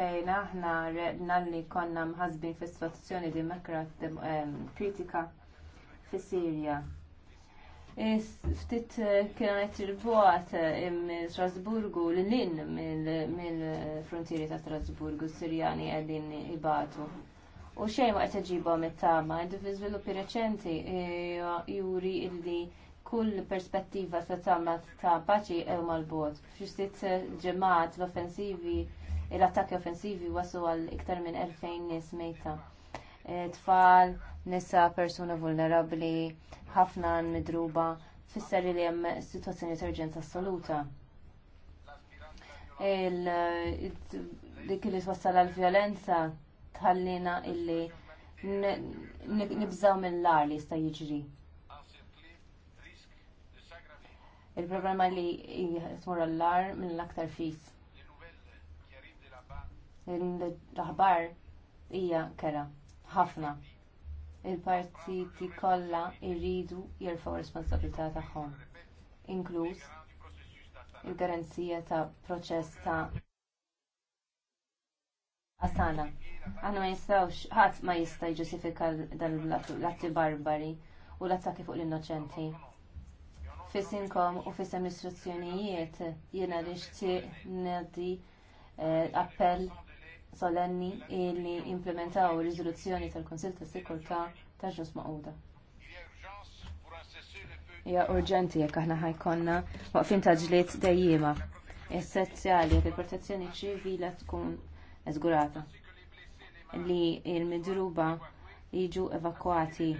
fejn aħna redna li konna mħazbin fi situazzjoni demokrat kritika fi Sirja. Ftit eh, kilometri eh, minn Strasburgu l-lin mill-frontieri ta' Strasburgu Sirjani qegħdin ibatu. U xejn ma qed iġibhom it-tama, sviluppi reċenti eh, juri illi kull perspettiva ta' tama ta' paċi ew l-bot. F'xi ġemat l-offensivi l-attakki offensivi wasu għal iktar minn 2000 nies mejta. E, tfal, nisa, persuna vulnerabli, ħafna midruba, fisser li hemm situazzjoni ta' urġenza assoluta. Dik li twassal għal-violenza tħallina illi nibżaw mill-lar li jista' jiġri. Il-problema li jismur l-lar l aktar fis l-aħbar hija kera ħafna. Il-partiti kollha jridu jerfgħu responsabilità tagħhom, inkluż il-garanzija ta' proċess ta' Asana, għanna ma jistawx, ħadd ma jista' jġustifika dan l-atti barbari u l-attakki fuq l-innoċenti. Fissinkom u fissem istruzzjonijiet jiena nixtieq nedi eh, appell solenni li implementaw riżoluzzjoni tal-Konsil ta' Sikurta ta' ġus maquda. Hija urġenti jekk aħna ħajkonna waqfin ta' ġlied dejjima. Essenzjali jekk il-protezzjoni ċivila tkun eżgurata li l-midruba jiġu evakwati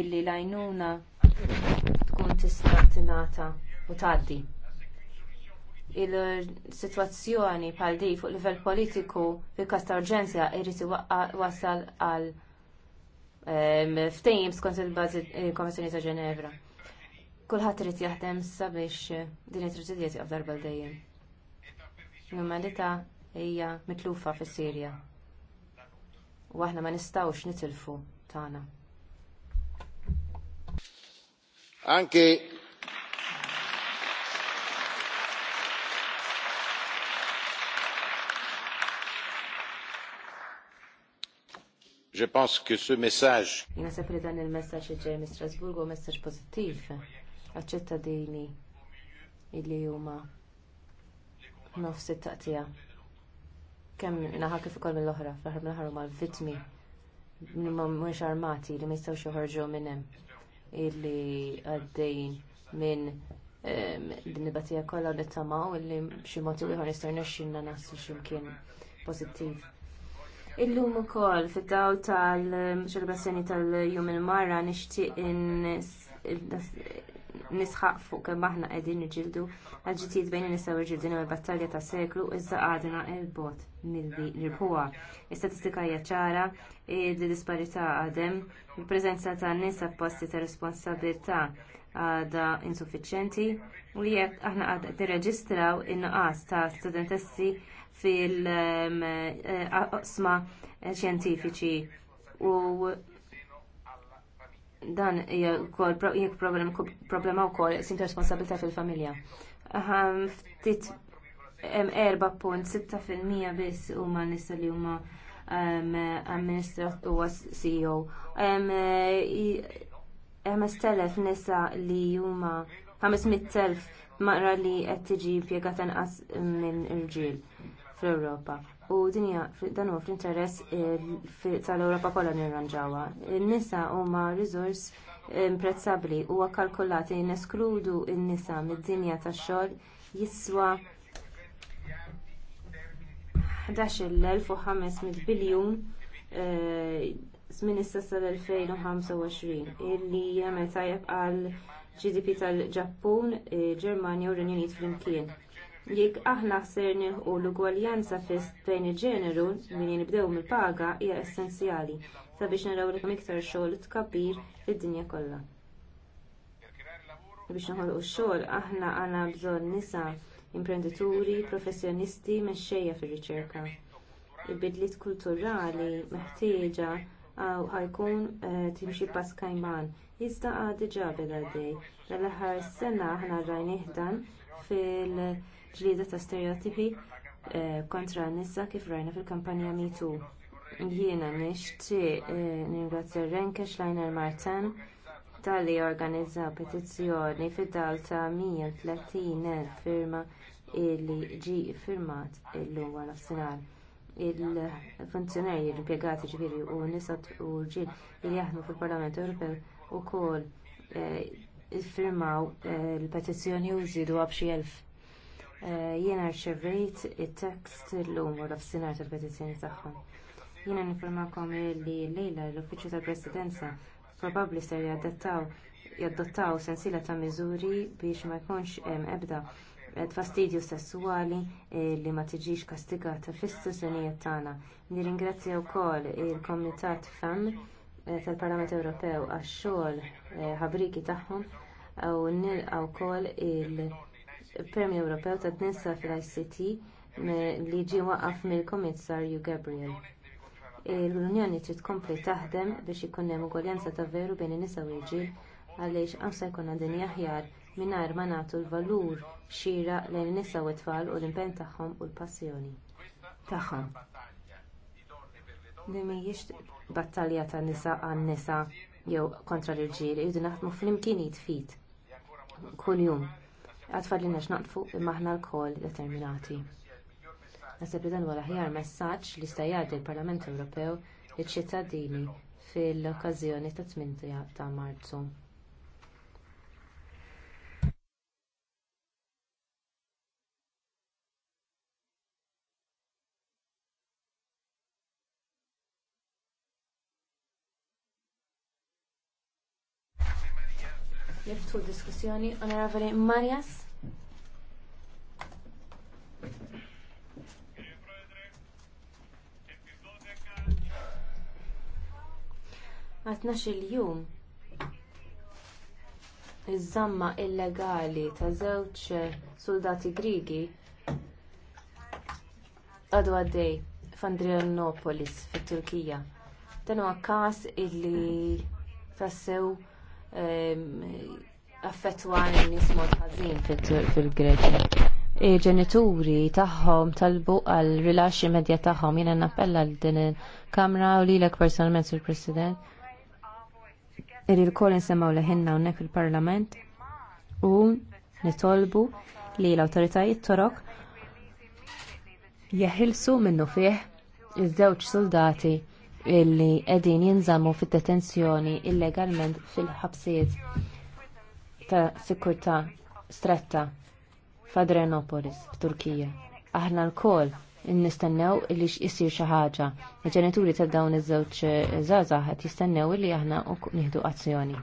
illi l-għajnuna tkun tista' tingħata u tgħaddi il-situazzjoni bħal di fuq livell politiku fil-kas ta' urġenzja irrid wasal għal ftehim skont il-Konvenzjoni ta' Ġenevra. Kulħadd irid jaħdem sabiex din it-traġedja tiqaf darba l-dejjem. L-umanità hija mitlufa fis-Sirja. U aħna ma nistgħux nitilfu tagħna. Je pense que ce message. Jina sepp li dan il-messaġġ ġej minn Strasburgu messaġġ pożittiv għaċ-ċittadini illi huma nofs it-taqtija. Kemm naħa kif ukoll mill-oħra, fl-aħħar mill-aħħar huma l-vittmi mhux armati li ma jistgħux joħorġu minn hemm illi għaddejjin minn din nibatija kollha li tamaw illi b'xi mod ieħor nistgħu nexxinna naslu x'imkien pożittiv. Illum ukoll fid-dawl tal-ċelebrazzjoni tal-Jum il-Marra nixtieq nisħaq fuq kemm aħna qegħdin niġildu għal ġitid bejn nisaw u ġildin u l-battalja ta' seklu iżda għadna il-bot milli nirħuha. Is-statistika hija ċara, id-disparità għadem, il-preżenza ta' nisa posti ta' responsabilità għada insuffiċenti u jek aħna għad reġistraw in naqas ta' studentessi fil-qsma um, eh, eh, xjentifiċi u dan jek problema u kol sim responsabilta fil-familja. Ftit 4.6% biss u ma' nisa li huma amministrat u CEO. 5,000 nisa li huma 500,000 maqra li qed tiġi impjegata inqas minn irġiel fl-Ewropa. U dinja dan huwa fl-interess tal-Ewropa kollha nirranġawha. In-nisa huma riżors imprezzabbli huwa kalkulati neskludu n-nisa mid-dinja tax-xogħol jiswa 11,500 biljun eh, żmien issa sal-2025 illi jagħmel tajjeb għal GDP tal-Ġappun, Ġermanja u Renju Unit flimkien. Jekk aħna ser nieħu l-ugwaljanza fis bejn il-ġeneru min jinibdew mill-paga hija essenzjali sabiex naraw li kemm iktar xogħol tkabbir fid-dinja kollha. Biex noħolqu x-xogħol aħna għandna bżonn nisa imprenditori, professjonisti mexxejja fir-riċerka. Il-bidliet kulturali meħtieġa għaw ħajkun eh, timxi pass kajman. Iżda għadi ġabel għaddej. L-ħar sena ħna rajnieh dan fil-ġlida ta' stereotipi eh, kontra n-nisa kif rajna fil-kampanja mitu. Jiena nixti eh, ringrazzja Renke Schleiner Martin tal-li organizza petizzjoni fid-dal ta' 130.000 firma illi ġie firmat illum wara f'sinar il-funzjonarji l-impiegati ġifiri u nisa u ġil li jaħdmu fil-Parlament Ewropew ukoll eh, iffirmaw il-petizzjoni eh, u żidu għabxi elf. Eh, jiena rċevejt it-tekst l-lum u l tal-petizzjoni tagħhom. Jiena nifirmakom li lejla l-Uffiċċju tal-Presidenza probabbli ser jaddattaw sensiela ta' miżuri biex ma jkunx hemm ebda Eh, fastidju sessuali eh, li ma tiġix kastigata fis-sessjonijiet tagħna. Nirringrazzja wkoll il-Komitat FEM eh, tal-Parlament Ewropew għax-xogħol ħabriki tagħhom u nilqgħu wkoll il-Premju Ewropew tad-nisa fil-ICT li ġie waqaf mill-Komissarju Gabriel. L-Unjoni trid tkompli taħdem biex ikun hemm ugwaljanza ta' veru bejn in-nisa u l-ġil għaliex għamsa jkollna dinja aħjar mingħajr ma nagħtu l-valur xira lejn nisa u tfal u l-impenn tagħhom u l-passjoni tagħhom. Din mhijiex battalja ta' nisa għan nisa jew kontra l-irġiel, jridu naħdmu flimkien jitfit kuljum. Għatfad li nax naqfu imma aħna determinati. Naħseb li dan wara ħjar messaġġ li sta jgħaddi l-Parlament Ewropew liċ-ċittadini fil okkażjoni ta' 8 ta' Marzu. Niftu diskussjoni. Onorevoli Marias? Għatnax il-jum iż-żamma illegali ta' żewġ soldati Grigi. għadu għaddej f'Andrianopolis fit-Turkija. Dan huwa każ illi tassew Ehm, affettwan nies mod ħażin fil-Greċja. Il-ġenituri tagħhom talbu għal rilaxxi immedjat tagħhom jiena nappella l din il-Kamra u lilek personalment sur President. l ukoll insemmaw leħinna hawnhekk fil-Parlament u nitolbu li l-awtoritajiet torok jeħilsu minnu fih iż-żewġ soldati illi qegħdin jinżammu fid-detenzjoni illegalment fil-ħabsijiet ta' sikurtà stretta f'Adrenopolis f'Turkija. Aħna lkoll nistennew li jisir xi ħaġa. Il-ġenituri ta' dawn iż-żewġ eh, żgħażagħ qed jistennew li aħna nieħdu azzjoni.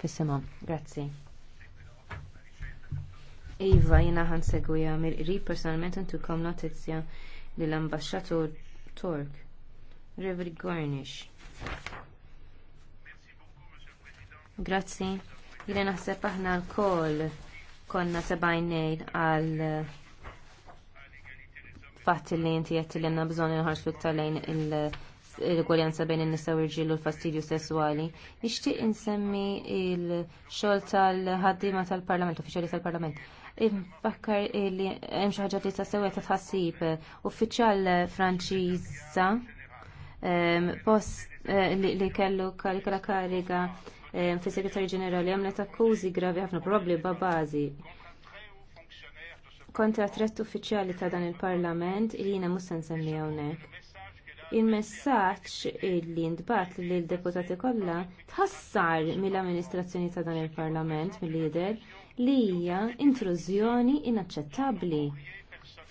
Fissimhom, grazzi. Iva, jiena ħan segwija mill-qrib personalment intukom notizja lill-ambaxxatur Tork Revri Gornish. Grazzi. Jina naħseb aħna l-kol konna sebajnejn għal eh, fatt li inti jett li għanna bżon nħarsu tal-lejn il-gwaljanza bejn il-nisa u l-fastidju sessuali. Ixtieq insemmi il-xol tal-ħaddima tal-parlament, uffiċali tal-parlament. Fakkar li hemm xi ħaġa li ta' tħassib eh, uffiċjal Franċiża post eh, li kellu kalikola kariga fi segretarju ġenerali għamlet akkużi gravi ħafna probli ba' bażi kontra trett uffiċjali ta' dan il-parlament li jiena mhux se nsemmi hawnhekk. Il-messaġġ li li l deputati kollha tħassar mill-amministrazzjoni ta' dan il-parlament mill-lider li hija intrużjoni inaċċettabbli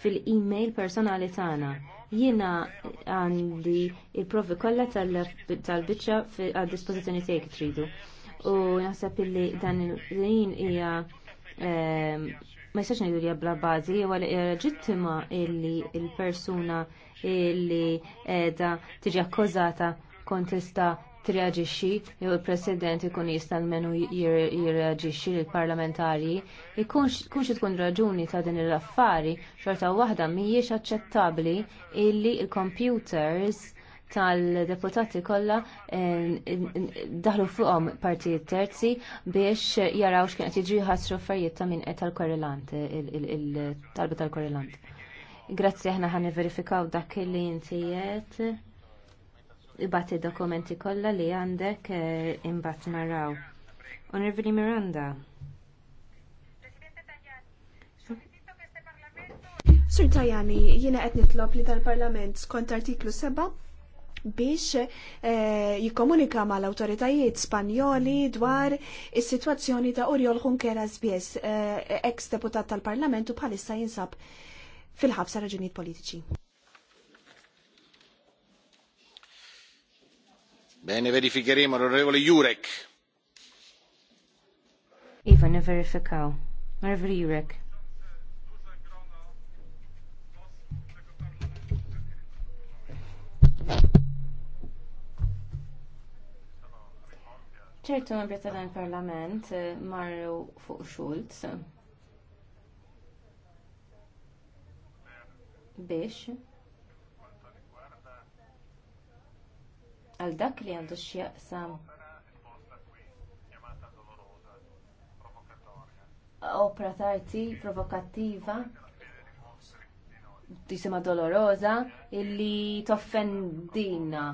fil-email personali tagħna Jiena għandi il-provi kollha tal bicċa għad dispożizzjoni tiegħek tridu. U naħseb illi dan il-din hija ehm, ma jistax ngħidu li bla bażi, jew ġittima illi il-persuna illi edha tiġi akkużata kontesta tirreaġixxi jew il-President ikun jista' almenu jirreaġixxi lill parlamentari ikunx tkun raġuni ta' din l-affari xorta waħda mhijiex aċċettabbli illi l computers tal-deputati kollha eh, daħlu fuqhom partijiet terzi biex jaraw x'kien qed jiġri ħassru affarijiet ta' min qed tal-korrelant il-talba tal-korrelant. Grazzi aħna ħan verifikaw dak li inti ibati dokumenti kollha li għandek eh, imbagħad naraw. Onorevoli Miranda. Sur Tajani, jiena qed nitlob li tal-Parlament skont artiklu 7 biex eh, jikkomunika mal autoritajiet spanjoli dwar is-sitwazzjoni ta' Uriol Junqueras Bies, eh, ex-deputat tal-Parlamentu bħalissa jinsab fil-ħabsa raġunijiet politiċi. Bene, verificheremo l'onorevole Jurek. Iva, ne verifikaw. Onorevole Jurek. ċertu membri ta' dan il-parlament eh, marru fuq Schulz biex għal dak li għandu x'jaqsam opera tarti provokattiva tisima dolorosa illi toffendina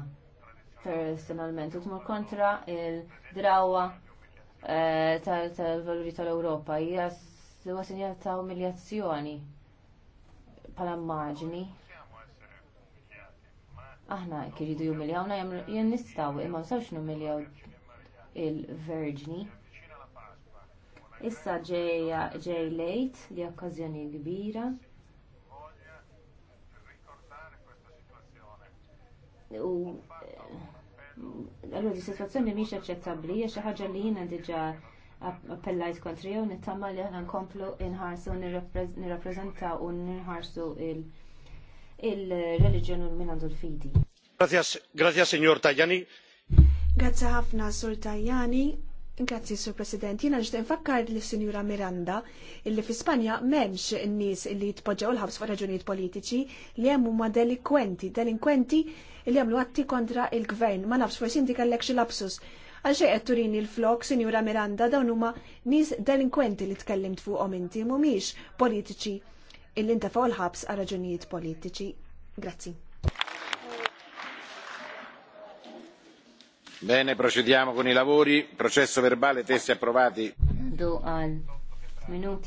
personalment u tmur kontra il-drawa eh, tal-valuri tal-Europa hija sinjal ta' umiljazzjoni bħala marġni aħna kiridu jumiljawna jen nistaw imma msawx numiljaw il-verġni. Issa ġej lejt li okkazjoni kbira. U eh, allora di situazzjoni mhix aċċettabbli hija xi ħaġa li jiena diġà appellajt kontri u nittama li aħna nkomplu inħarsu nirrappreżenta u nirħarsu il- il-reliġjon u minn għandu l-fidi. Grazie, signor Tajani. Grazie ħafna, Sur Tajani. Grazzi, Sur President. Jina nġden fakkar li Sinjura Miranda illi fi Spanja memx n-nis illi jitpoġġaw l-ħabs fuq raġunijiet politiċi li hemm huma delinkwenti, delinkwenti li jagħmlu atti kontra il-gvern. Ma nafx forsi inti kellek xi lapsus. Għal xejn qed turini l-flok, Sinjura Miranda, dawn huma nies delinkwenti li tkellimt fuqhom inti mhumiex politiċi il-linta fuq il-ħabs għal raġunijiet politiċi. Grazzi. Bene, procediamo con i lavori. Processo verbale, testi approvati. Do al minuti.